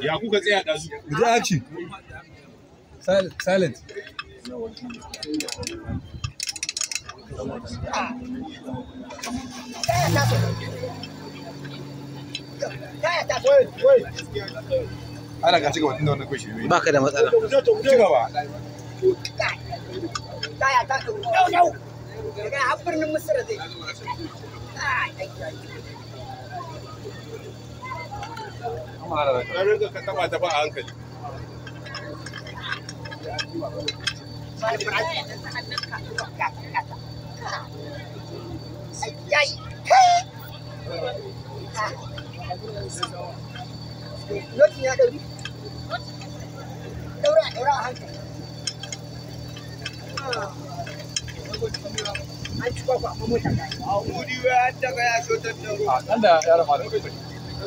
Ya kuka tsaya da su. Mu aci. Silent. Ana ka cigaba tunda wannan kwai shirme. Ba ka da matsala. Cigaba. Kaya ta ɗau ɗau. Daga har birnin Misira zai. ka rinka ka taba ta a hankali Notin ya ɗauri? Ɗaura, a hankali. ya daga ya A ɗan da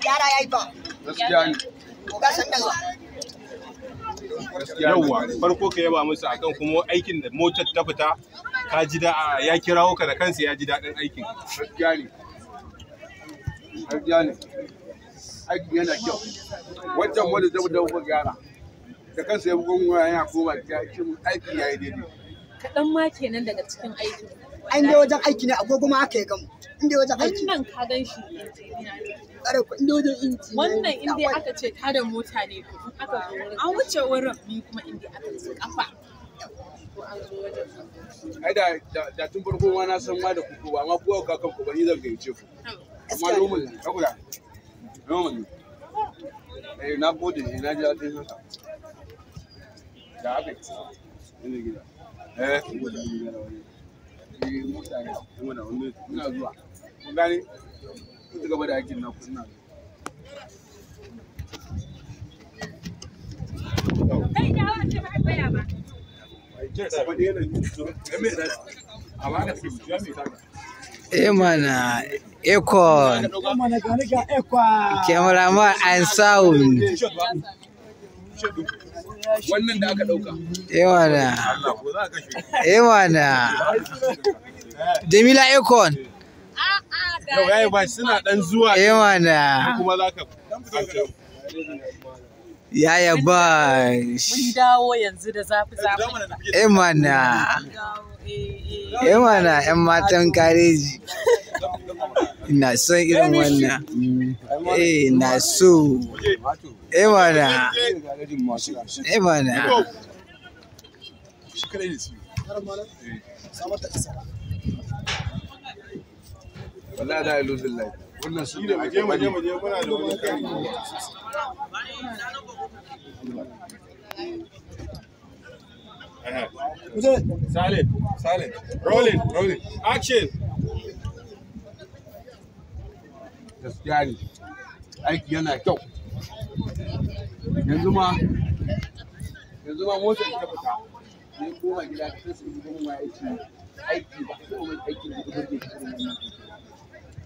gyara ya yi ba gaskiya ne ga sandan yauwa farko ka yaba musu akan kuma aikin da motar ta fita ka ji da ya kirawo ka da kansa ya ji daɗin aikin gaskiya ne gaskiya ne aikin yana kyau wancan wanda da da kuma gyara da kansa ya bugun waya yana koma ya ce aiki yayi daidai kaɗan ma kenan daga cikin aikin an dai wajen aiki ne agogo ma aka yi gamu in dai wajen aiki wannan ka gan shi kare kuɗi wajen inji wannan inda aka ce ta da mota ne aka an wuce wurin ni kuma inda aka ce kafa ai da da tun farko ma na san ma da kuku ba amma kowa ka kan ku bani zan gaice ku amma normal ne ka kula normal ne eh na gode ne eh, na ji daɗin haka da aka yi gida eh, eh ne mutane muna zuwa mun gani ku gaba da aikin naku ina Eh mana sound Wannan da aka Eh mana Eh mana Jamila ekon. Yau ba suna ɗan zuwa. Yawa eh, na. Kuma za ka Yaya ba. Mun dawo yanzu da zafi zafi. Imana. Imana ‘yan matan kareji. Ina son irin wannan. Eh, na so. Imana. Eh, Imana. wallahi la iluzin lai wannan su ne ake bari mu muna da wani kai Salim! Silent. Rolling. Rolling. Action. Gaskiya ne. Aiki yana kyau. Yanzu ma yanzu ma ta fita. Ne koma gida ta sai su gudunmawa aiki. Aiki ba. Kuma aiki da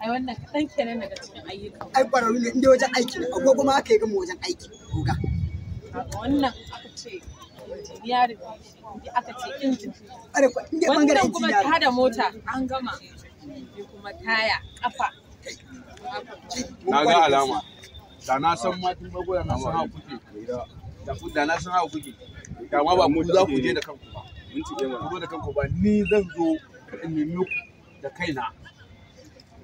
ai wannan kaɗan kenan daga cikin ayyuka. ai ƙwararru ne inda wajen aiki ne ko kuma aka yi gama wajen aiki koga. wannan aka ce injiniyar aka ce injin wannan kuma tada mota an gama kuma taya kafa na ga alama da na san matan magoya na san hawa kuke da na san hawa kuke da ma ba mu za ku je da kanku ba mun ci da kanku ba ni zan zo in nemi ku da kaina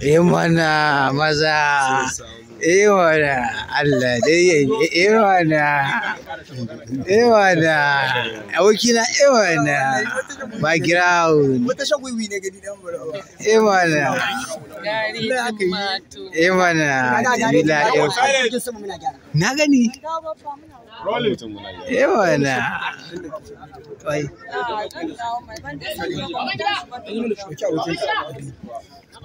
Imana eh maza. Imana eh Allah dai Iwana Imana. Eh abokina Iwana background wata shagwiwi ne gani dan barawa Imana. Imana. Jamila na gani Iwana wai ah,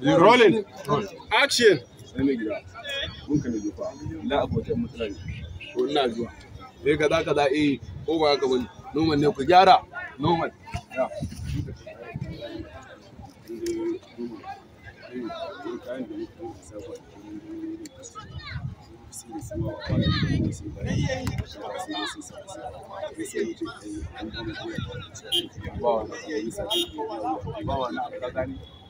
rolling action zuwa eh kaza kaza eh ko ba ka bane normal ne ku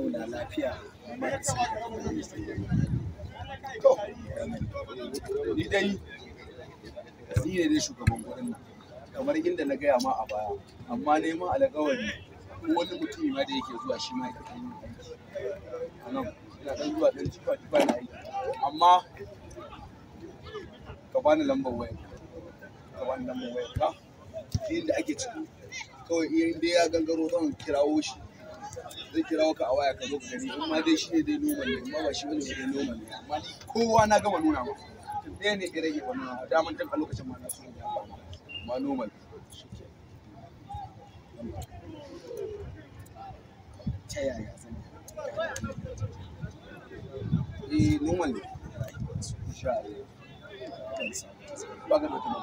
zauna lafiya ni dai ni ne dai shugaban gurin kamar inda na gaya ma a baya amma neman alƙawari wani mutum ma da yake zuwa shi ma ya kai a nan ina dan zuwa dan jifa jifa na aiki amma ka bani lambar wayar ka bani lambar wayar ka inda ake ciki kawai in dai ya gangaro zan kirawo shi zai kira ka a waya ka zo ka in ma dai shi ne dai normal ne amma ba shi bane dai normal ne amma kowa na gama nuna ma ɗaya ne ɗaya rage ba Da mun daman lokacin ma na so ne amma normal ta yaya zan eh normal ne insha Allah